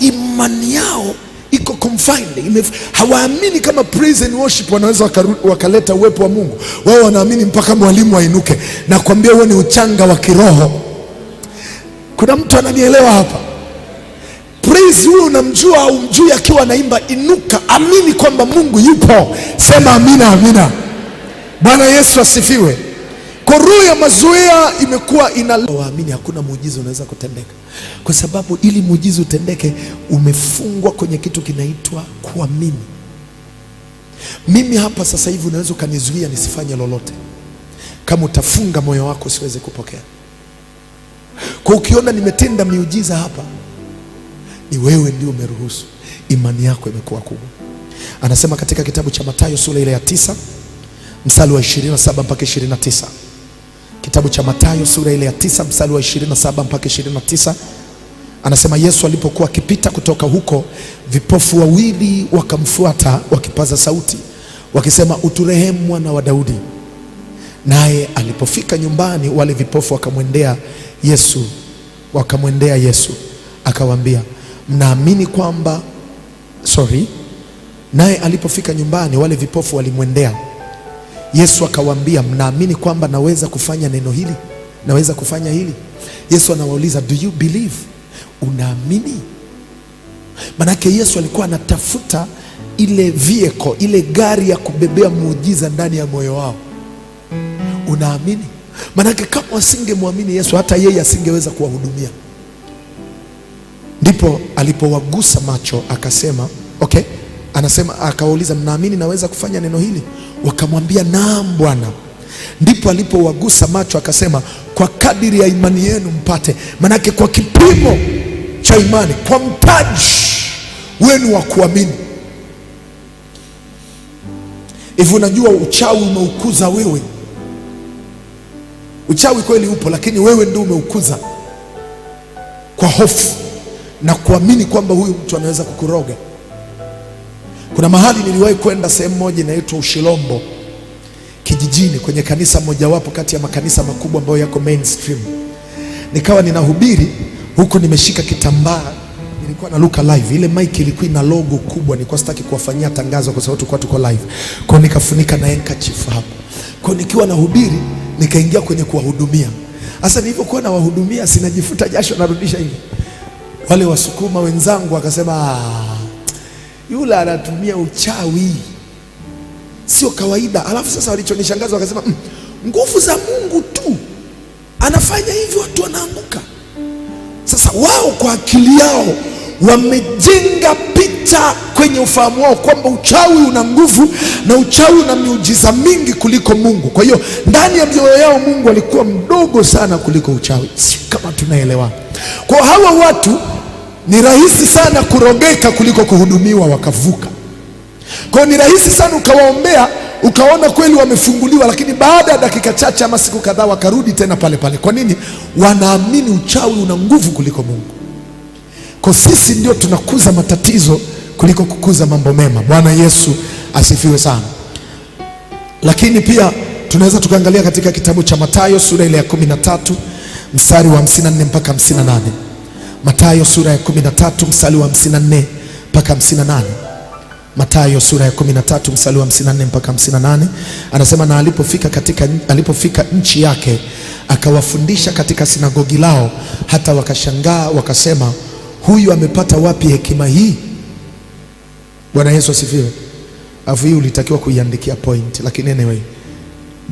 imani yao iko confined, hawaamini kama praise and worship wanaweza wakaleta uwepo wa Mungu. Wao wanaamini mpaka mwalimu ainuke. Nakwambia huo ni uchanga wa kiroho. Kuna mtu ananielewa hapa? Praise huyo unamjua au mjui, akiwa anaimba inuka, amini kwamba Mungu yupo. Sema amina, amina. Bwana Yesu asifiwe roho ya mazoea imekuwa ina waamini, hakuna muujiza unaweza kutendeka, kwa sababu ili muujiza utendeke umefungwa kwenye kitu kinaitwa kuamini. mimi. Mimi hapa sasa hivi unaweza ukanizuia nisifanye lolote, kama utafunga moyo wako usiweze kupokea. Kwa ukiona nimetenda miujiza hapa, ni wewe ndio umeruhusu, imani yako imekuwa kubwa. Anasema katika kitabu cha Mathayo sura ile ya tisa mstari wa 27 mpaka 29. Kitabu cha Mathayo sura ile ya tisa mstari wa 27 mpaka 29, anasema Yesu alipokuwa akipita kutoka huko, vipofu wawili wakamfuata wakipaza sauti wakisema, uturehemu mwana wa Daudi. Naye alipofika nyumbani, wale vipofu wakamwendea Yesu, wakamwendea Yesu akawaambia, mnaamini kwamba sorry. Naye alipofika nyumbani, wale vipofu walimwendea Yesu akawaambia, mnaamini kwamba naweza kufanya neno hili? Naweza kufanya hili? Yesu anawauliza do you believe, unaamini? Manake Yesu alikuwa anatafuta ile vieko ile gari ya kubebea muujiza ndani ya moyo wao. Unaamini? Manake kama wasingemwamini Yesu, hata yeye asingeweza kuwahudumia. Ndipo alipowagusa macho akasema okay Anasema akawauliza, mnaamini naweza kufanya neno hili? Wakamwambia, naam Bwana. Ndipo alipowagusa macho akasema, kwa kadiri ya imani yenu mpate. Manake kwa kipimo cha imani, kwa mtaji wenu wa kuamini. Hivi unajua uchawi umeukuza wewe. Uchawi kweli upo, lakini wewe ndio umeukuza kwa hofu na kuamini kwamba huyu mtu anaweza kukuroga. Kuna mahali niliwahi kwenda sehemu moja inaitwa Ushilombo kijijini, kwenye kanisa mojawapo kati ya makanisa makubwa ambayo yako mainstream. Nikawa ninahubiri huko, nimeshika kitambaa, nilikuwa na luka live. Ile mic ilikuwa ina logo kubwa, nilikuwa sitaki kuwafanyia tangazo kwa sababu tulikuwa tuko live, kwa nikafunika na handkerchief hapo. Kwa nikiwa nahubiri, nikaingia kwenye kuwahudumia. Sasa nilipokuwa nawahudumia, sinajifuta jasho, narudisha hivi. Wale wasukuma wenzangu wakasema ah, yule anatumia uchawi, sio kawaida. Alafu sasa walichonishangaza wakasema mm, nguvu za Mungu tu anafanya hivyo, watu wanaanguka. Sasa wao kwa akili yao wamejenga picha kwenye ufahamu wao kwamba uchawi una nguvu na uchawi una miujiza mingi kuliko Mungu. Kwa hiyo ndani ya mioyo yao Mungu alikuwa mdogo sana kuliko uchawi, si kama tunaelewa. Kwa hawa watu ni rahisi sana kurogeka kuliko kuhudumiwa wakavuka. Kwa hiyo ni rahisi sana ukawaombea ukaona kweli wamefunguliwa, lakini baada ya dakika chache ama siku kadhaa wakarudi tena pale pale. Kwa nini? Wanaamini uchawi una nguvu kuliko Mungu. Kwa sisi ndio tunakuza matatizo kuliko kukuza mambo mema. Bwana Yesu asifiwe sana. Lakini pia tunaweza tukaangalia katika kitabu cha Mathayo sura ile ya 13 mstari wa 54 mpaka 58 matayo sura ya 13 mstari wa 54 mpaka 58. Matayo sura ya 13 mstari wa 54 mpaka 58 anasema, na alipofika katika alipofika nchi yake akawafundisha katika sinagogi lao, hata wakashangaa wakasema, huyu amepata wapi hekima hii? Bwana Yesu asifiwe. Afu hii ulitakiwa kuiandikia point, lakini anyway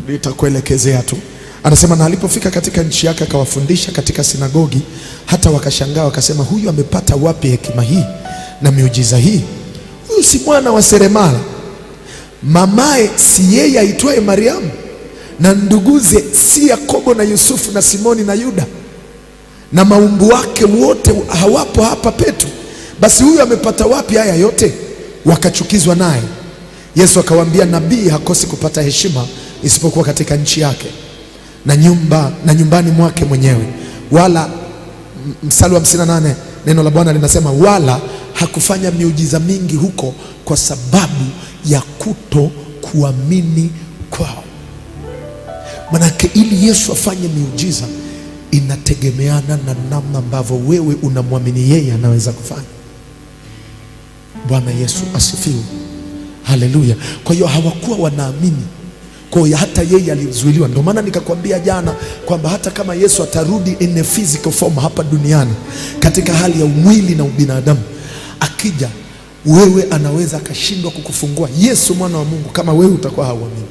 nitakuelekezea tu. Anasema na alipofika katika nchi yake akawafundisha katika sinagogi, hata wakashangaa wakasema, huyu amepata wapi hekima hii na miujiza hii? Huyu si mwana wa seremala? Mamaye si yeye aitwaye Mariamu? Na nduguze si Yakobo na Yusufu na Simoni na Yuda? Na maumbu wake wote hawapo hapa petu? Basi huyu amepata wapi haya yote? Wakachukizwa naye. Yesu akawaambia, nabii hakosi kupata heshima isipokuwa katika nchi yake na nyumba na nyumbani mwake mwenyewe. Wala msali wa hamsini nane neno la Bwana linasema wala hakufanya miujiza mingi huko kwa sababu ya kuto kuamini kwao. Manake ili Yesu afanye miujiza inategemeana na namna ambavyo wewe unamwamini yeye anaweza kufanya. Bwana Yesu asifiwe, haleluya. Kwa hiyo hawakuwa wanaamini kwa hiyo hata yeye alizuiliwa. Ndio maana nikakwambia jana kwamba hata kama Yesu atarudi in a physical form hapa duniani katika hali ya umwili na ubinadamu, akija wewe anaweza akashindwa kukufungua Yesu mwana wa Mungu kama wewe utakuwa hauamini.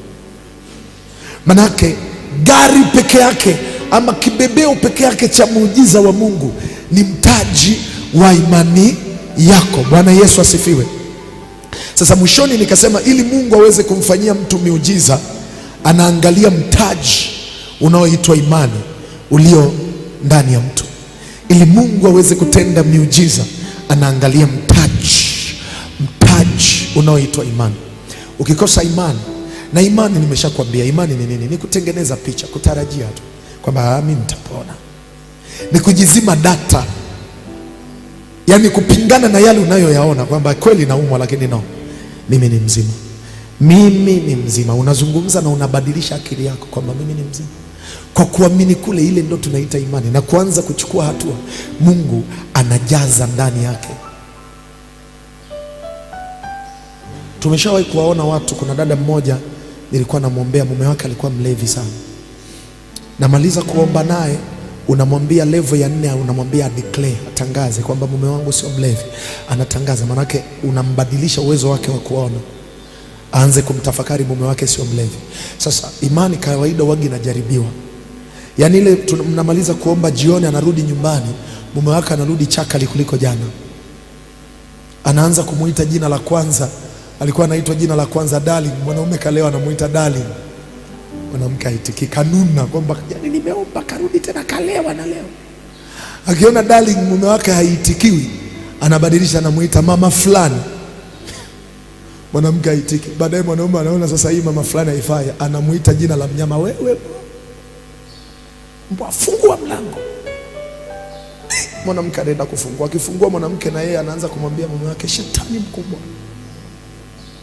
Manake gari peke yake ama kibebeo peke yake cha muujiza wa Mungu ni mtaji wa imani yako. Bwana Yesu asifiwe. Sasa mwishoni nikasema ili Mungu aweze kumfanyia mtu miujiza anaangalia mtaji unaoitwa imani ulio ndani ya mtu. Ili Mungu aweze kutenda miujiza, anaangalia mtaji, mtaji unaoitwa imani. Ukikosa imani, na imani nimeshakwambia imani ni nini? Ni kutengeneza picha, kutarajia tu kwamba ah, mimi nitapona, ni kujizima data, yaani kupingana na yale unayoyaona kwamba kweli naumwa, lakini no, mimi ni mzima mimi ni mzima. Unazungumza na unabadilisha akili yako kwamba mimi ni mzima kwa kuamini kule, ile ndo tunaita imani, na kuanza kuchukua hatua. Mungu anajaza ndani yake. Tumeshawahi kuwaona watu. Kuna dada mmoja nilikuwa namwombea, mume wake alikuwa mlevi sana. Namaliza kuomba naye, unamwambia level ya nne, unamwambia declare, atangaze kwamba mume wangu sio mlevi. Anatangaza, maanake unambadilisha uwezo wake wa kuona aanze kumtafakari mume wake sio mlevi. Sasa imani kawaida wagi inajaribiwa, yaani ile mnamaliza kuomba jioni, anarudi nyumbani, mume wake anarudi chakali kuliko jana, anaanza kumuita jina la kwanza, alikuwa anaitwa jina la kwanza darling, mwanaume kaleo anamuita darling, mwanamke aitiki, kanuna kwamba yani nimeomba, karudi tena kalewa na leo. Akiona darling mume wake haitikiwi, anabadilisha, anamuita mama fulani mwanamke aitiki. Baadaye mwanaume anaona sasa hii mama fulani haifai, anamuita jina la mnyama, wewe mbwa, fungua mlango. Mwanamke anaenda kufungua, akifungua mwanamke na yeye anaanza kumwambia mume wake, shetani mkubwa,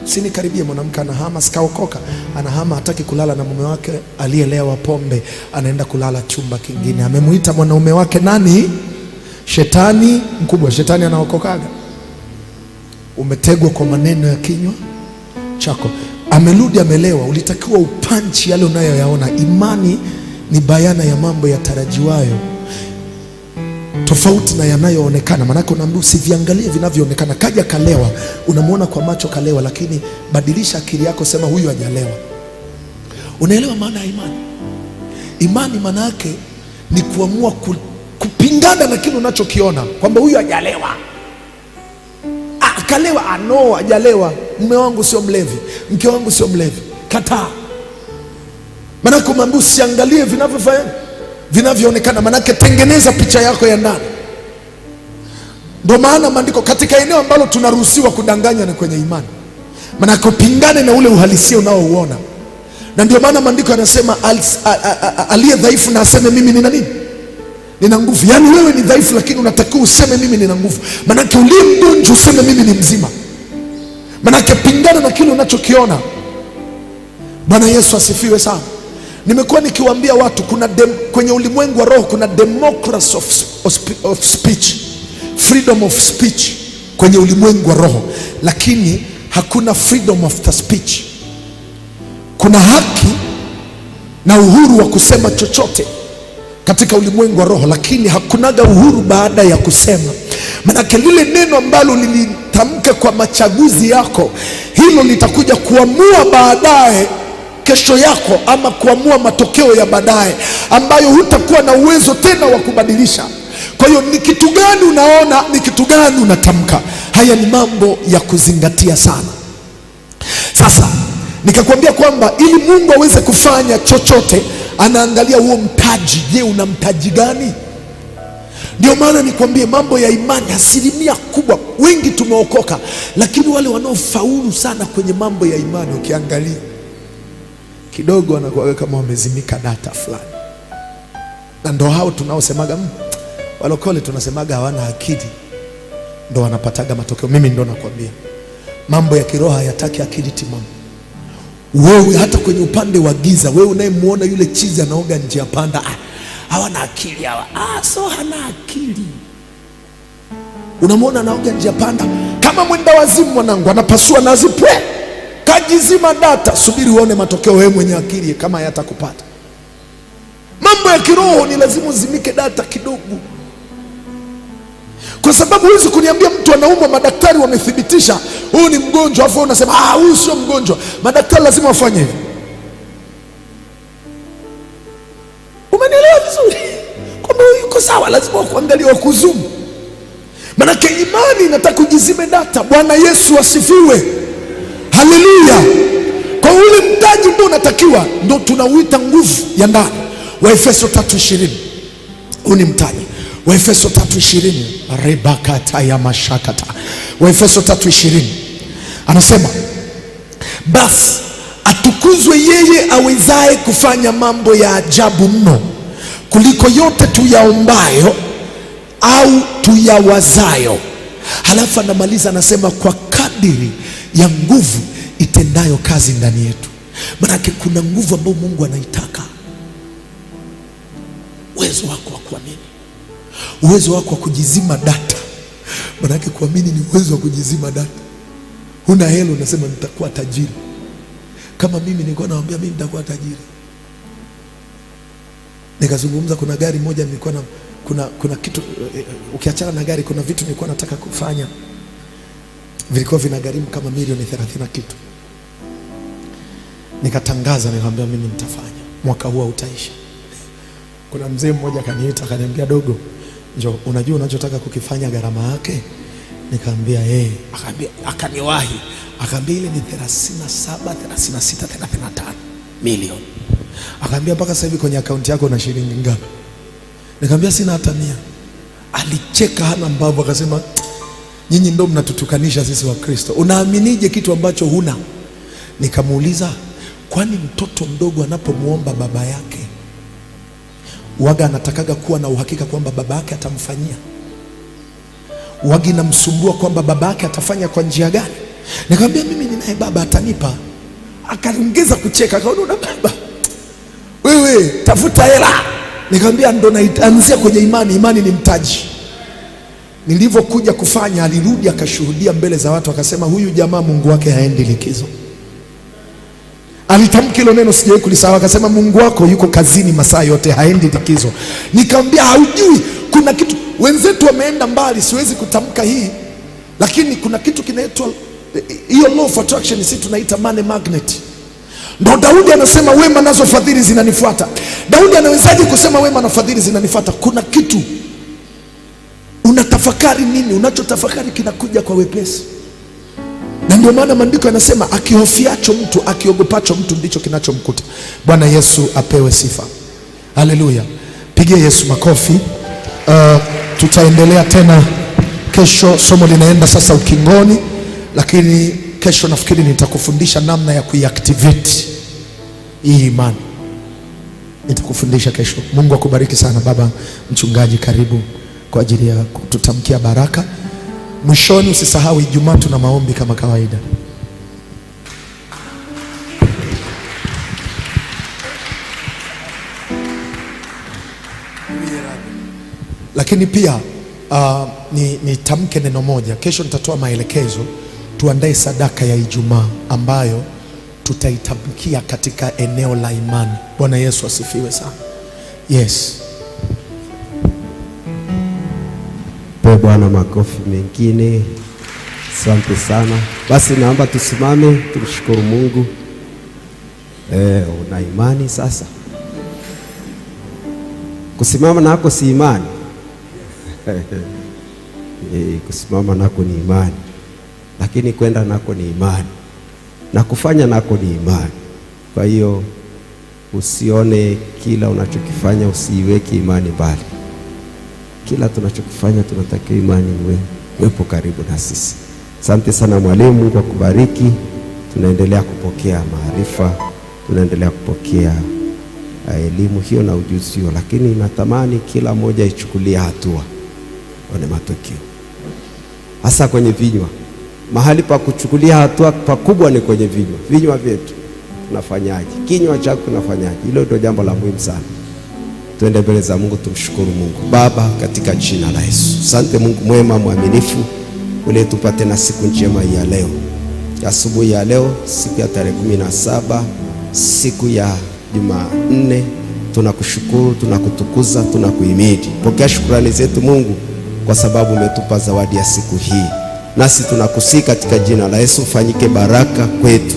Sinikaribie. Mwanamke anahama, sikaokoka, anahama, hataki kulala na mume wake aliyelewa pombe, anaenda kulala chumba kingine. Amemuita mwanaume wake nani? Shetani mkubwa. Shetani anaokokaga? Umetegwa kwa maneno ya kinywa chako. Amerudi amelewa, ulitakiwa upanchi yale unayoyaona. Imani ni bayana ya mambo yatarajiwayo tofauti na yanayoonekana. Maanake unaambia usiviangalie vinavyoonekana. Kaja kalewa, unamwona kwa macho kalewa, lakini badilisha akili yako, sema huyu hajalewa. Unaelewa maana ya imani? Imani maana yake ni kuamua kupingana na kile unachokiona kwamba huyu hajalewa akalewa ano ajalewa, mume wangu sio mlevi, mke wangu sio mlevi, kataa. Maanake umeambia usiangalie vinavyofanya vinavyoonekana, maanake tengeneza picha yako ya ndani. Ndio maana maandiko katika eneo ambalo tunaruhusiwa kudanganya na kwenye imani, maanake upingane na ule uhalisia unaouona, na ndio maana maandiko yanasema aliye dhaifu na aseme mimi nina nini nina nguvu. Yaani wewe ni dhaifu, lakini unatakiwa useme mimi nina nguvu, manake uliye mgonjwa useme mimi ni mzima, manake pingana na kile unachokiona. Bwana Yesu asifiwe sana. Nimekuwa nikiwaambia watu kuna dem, kwenye ulimwengu wa roho kuna democracy of, of speech, freedom of speech kwenye ulimwengu wa roho, lakini hakuna freedom of the speech. Kuna haki na uhuru wa kusema chochote katika ulimwengu wa roho, lakini hakunaga uhuru baada ya kusema. Manake lile neno ambalo lilitamka kwa machaguzi yako, hilo litakuja kuamua baadaye kesho yako, ama kuamua matokeo ya baadaye ambayo hutakuwa na uwezo tena wa kubadilisha. Kwa hiyo ni kitu gani unaona, ni kitu gani unatamka? Haya ni mambo ya kuzingatia sana. Sasa nikakwambia kwamba ili Mungu aweze kufanya chochote anaangalia huo mtaji. Je, una mtaji gani? Ndio maana nikwambie, mambo ya imani, asilimia kubwa, wengi tumeokoka, lakini wale wanaofaulu sana kwenye mambo ya imani, ukiangalia kidogo, wanakuwa kama wamezimika data fulani, na ndo hao tunaosemaga hmm, walokole, tunasemaga hawana akili, ndo wanapataga matokeo. Mimi ndo nakwambia mambo ya kiroho hayataki akili timamu. Wewe hata kwenye upande wa giza, wewe unayemwona yule chizi anaoga njia panda, ah, hawana akili hawa. Ah, so hana akili, unamwona anaoga njia panda kama mwenda wazimu. Mwanangu anapasua nazi pwe, kajizima data. Subiri uone matokeo, wewe mwenye akili kama yatakupata. Mambo ya kiroho ni lazima uzimike data kidogo kwa sababu huwezi kuniambia mtu anaumwa, madaktari wamethibitisha huyu ni mgonjwa, afu unasema ah, huyu sio mgonjwa. Madaktari lazima wafanye hivi. Umenielewa vizuri kwamba huyu yuko sawa, lazima wakuangalia, wakuzumu. Manake imani inataka ujizime data. Bwana Yesu asifiwe, haleluya! Kwa ule mtaji ndio unatakiwa, ndio tunauita nguvu ya ndani. Waefeso 3:20 huu ni mtaji Waefeso 3:20 rebakata ya mashakata. Waefeso 3:20 anasema basi atukuzwe yeye awezaye kufanya mambo ya ajabu mno kuliko yote tuyaombayo au tuyawazayo. Halafu anamaliza anasema, kwa kadiri ya nguvu itendayo kazi ndani yetu. Maanake kuna nguvu ambayo Mungu anaitaka, uwezo wako wa kuamini uwezo wako wa kujizima data. manake kuamini ni uwezo wa kujizima data. Huna hela, unasema nitakuwa tajiri. Kama mimi nilikuwa nawaambia mimi nitakuwa tajiri, nikazungumza. Kuna gari moja nilikuwa na kuna, kuna kitu eh, eh, ukiachana na gari, kuna vitu nilikuwa nataka kufanya vilikuwa vinagharimu kama milioni 30 na kitu. Nikatangaza nikamwambia mimi nitafanya mwaka huu hautaisha. Kuna mzee mmoja akaniita akaniambia, dogo, njo unajua unachotaka kukifanya gharama yake? Nikaambia yeye, eh. Akaambia akaniwahi, akaambia ile ni 37 36 35 milioni. Akaambia mpaka sasa hivi kwenye akaunti yako na shilingi ngapi? Nikamwambia sina hata mia. Alicheka hana mbavu, akasema nyinyi ndio mnatutukanisha sisi Wakristo, unaaminije kitu ambacho huna? Nikamuuliza kwani mtoto mdogo anapomwomba baba yake waga anatakaga kuwa na uhakika kwamba baba yake atamfanyia, wagi namsumbua kwamba baba yake atafanya kwa njia gani. Nikamwambia mimi ninaye baba atanipa. Akaongeza kucheka akaona, una baba wewe, tafuta hela. Nikamwambia ndo naanzia kwenye imani, imani ni mtaji. Nilivyokuja kufanya, alirudi akashuhudia mbele za watu, akasema huyu jamaa Mungu wake haendi likizo. Alitamka hilo neno, sijawahi kulisahau. Akasema Mungu wako yuko kazini masaa yote, haendi likizo. Nikamwambia haujui, kuna kitu wenzetu wameenda mbali, siwezi kutamka hii, lakini kuna kitu kinaitwa hiyo law of attraction, sisi tunaita money magnet. Ndo Daudi anasema wema nazo fadhili zinanifuata. Daudi anawezaje kusema wema na fadhili zinanifuata? Kuna kitu unatafakari nini, unachotafakari kinakuja kwa wepesi na ndio maana maandiko yanasema akihofiacho mtu akiogopacho mtu ndicho kinachomkuta. Bwana Yesu apewe sifa, haleluya! Pigie Yesu makofi. Uh, tutaendelea tena kesho, somo linaenda sasa ukingoni, lakini kesho nafikiri nitakufundisha namna ya kuiactivate hii imani, nitakufundisha kesho. Mungu akubariki sana. Baba mchungaji, karibu kwa ajili ya kututamkia baraka. Mwishoni usisahau Ijumaa tuna maombi kama kawaida. Lakini pia uh, ah, nitamke ni neno moja. Kesho nitatoa maelekezo, tuandae sadaka ya Ijumaa ambayo tutaitamkia katika eneo la imani. Bwana Yesu asifiwe sana. Yes. Tumpee Bwana makofi mengine. Asante sana. Basi naomba tusimame tumshukuru Mungu. E, una imani sasa? Kusimama nako si imani? E, kusimama nako ni imani, lakini kwenda nako ni imani, na kufanya nako ni imani. Kwa hiyo usione kila unachokifanya, usiiweke imani mbali kila tunachokifanya tunatakiwa imani iwe kuwepo karibu na sisi. Asante sana mwalimu, kwa kubariki Tunaendelea kupokea maarifa, tunaendelea kupokea eh, elimu hiyo na ujuzi hiyo, lakini natamani kila mmoja ichukulie hatua, one matokeo hasa kwenye vinywa. Mahali pa kuchukulia hatua pakubwa ni kwenye vinywa, vinywa vyetu tunafanyaje? Kinywa chako tunafanyaje? Hilo ndio jambo la muhimu sana tuende mbele za Mungu tumshukuru Mungu Baba katika jina la Yesu. Asante Mungu mwema mwaminifu, ule tupate na siku njema ya leo, asubuhi ya leo, siku ya tarehe kumi na saba, siku ya Jumanne. Tunakushukuru, tunakutukuza, tunakuhimidi. Pokea shukrani zetu Mungu kwa sababu umetupa zawadi ya siku hii, nasi tunakusii katika jina la Yesu, fanyike baraka kwetu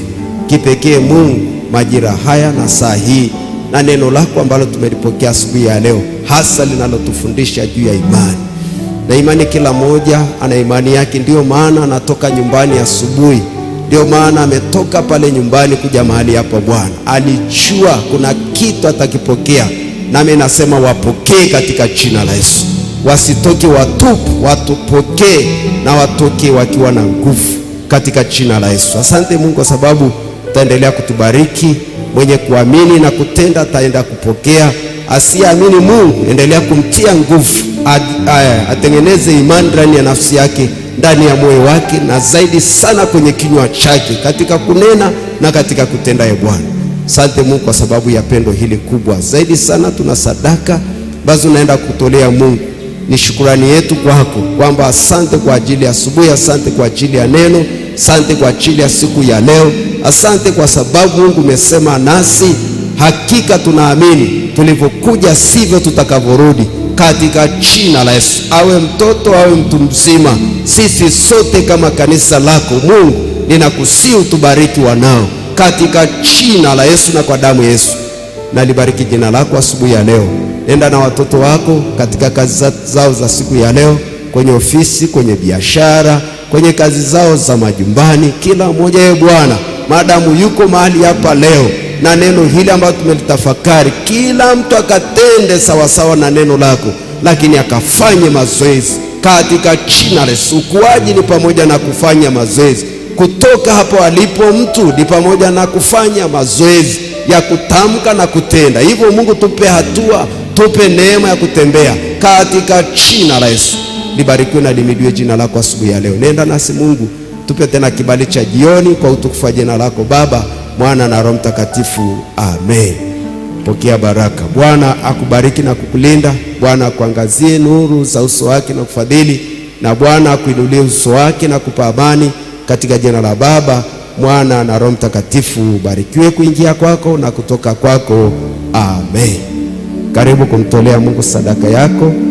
kipekee Mungu majira haya na saa hii na neno lako ambalo tumelipokea asubuhi ya leo, hasa linalotufundisha juu ya imani na imani. Kila mmoja ana imani yake, ndiyo maana anatoka nyumbani asubuhi, ndiyo maana ametoka pale nyumbani kuja mahali hapa. Bwana alijua kuna kitu atakipokea, nami nasema wapokee katika jina la Yesu, wasitoke watupu, watupokee na watoke wakiwa na nguvu katika jina la Yesu. Asante Mungu kwa sababu utaendelea kutubariki. Mwenye kuamini na kutenda ataenda kupokea, asiyeamini Mungu endelea kumtia nguvu, atengeneze imani ndani ya nafsi yake, ndani ya moyo wake, na zaidi sana kwenye kinywa chake, katika kunena na katika kutenda. Ye Bwana, asante Mungu kwa sababu ya pendo hili kubwa. Zaidi sana tuna sadaka ambazo naenda kutolea Mungu ni shukurani yetu kwako, kwamba asante kwa ajili ya asubuhi, asante kwa ajili ya neno, asante kwa ajili ya siku ya leo. Asante kwa sababu Mungu umesema nasi, hakika tunaamini, tulivyokuja sivyo tutakavyorudi, katika jina la Yesu. Awe mtoto awe mtu mzima, sisi sote kama kanisa lako Mungu, ninakusihi utubariki wanao, katika jina la Yesu na kwa damu Yesu. Nalibariki jina lako asubuhi ya leo. enda na watoto wako katika kazi zao za siku ya leo, kwenye ofisi, kwenye biashara, kwenye kazi zao za majumbani, kila mmoja ye ee Bwana maadamu yuko mahali hapa leo, na neno hili ambalo tumelitafakari, kila mtu akatende sawasawa na neno lako, lakini akafanye mazoezi katika jina la Yesu. Ukuaji ni pamoja na kufanya mazoezi. Kutoka hapo alipo mtu ni pamoja na kufanya mazoezi ya kutamka na kutenda. Hivyo Mungu, tupe hatua, tupe neema ya kutembea katika jina la Yesu. Libarikiwe na limidiwe jina lako asubuhi ya leo. Nenda nasi Mungu tupe tena kibali cha jioni kwa utukufu wa jina lako Baba, Mwana na Roho Mtakatifu, amen. Pokea baraka. Bwana akubariki na kukulinda. Bwana akuangazie nuru za uso wake na kufadhili, na Bwana akuinulie uso wake na kupa amani, katika jina la Baba, Mwana na Roho Mtakatifu. Barikiwe kuingia kwako na kutoka kwako, amen. Karibu kumtolea Mungu sadaka yako.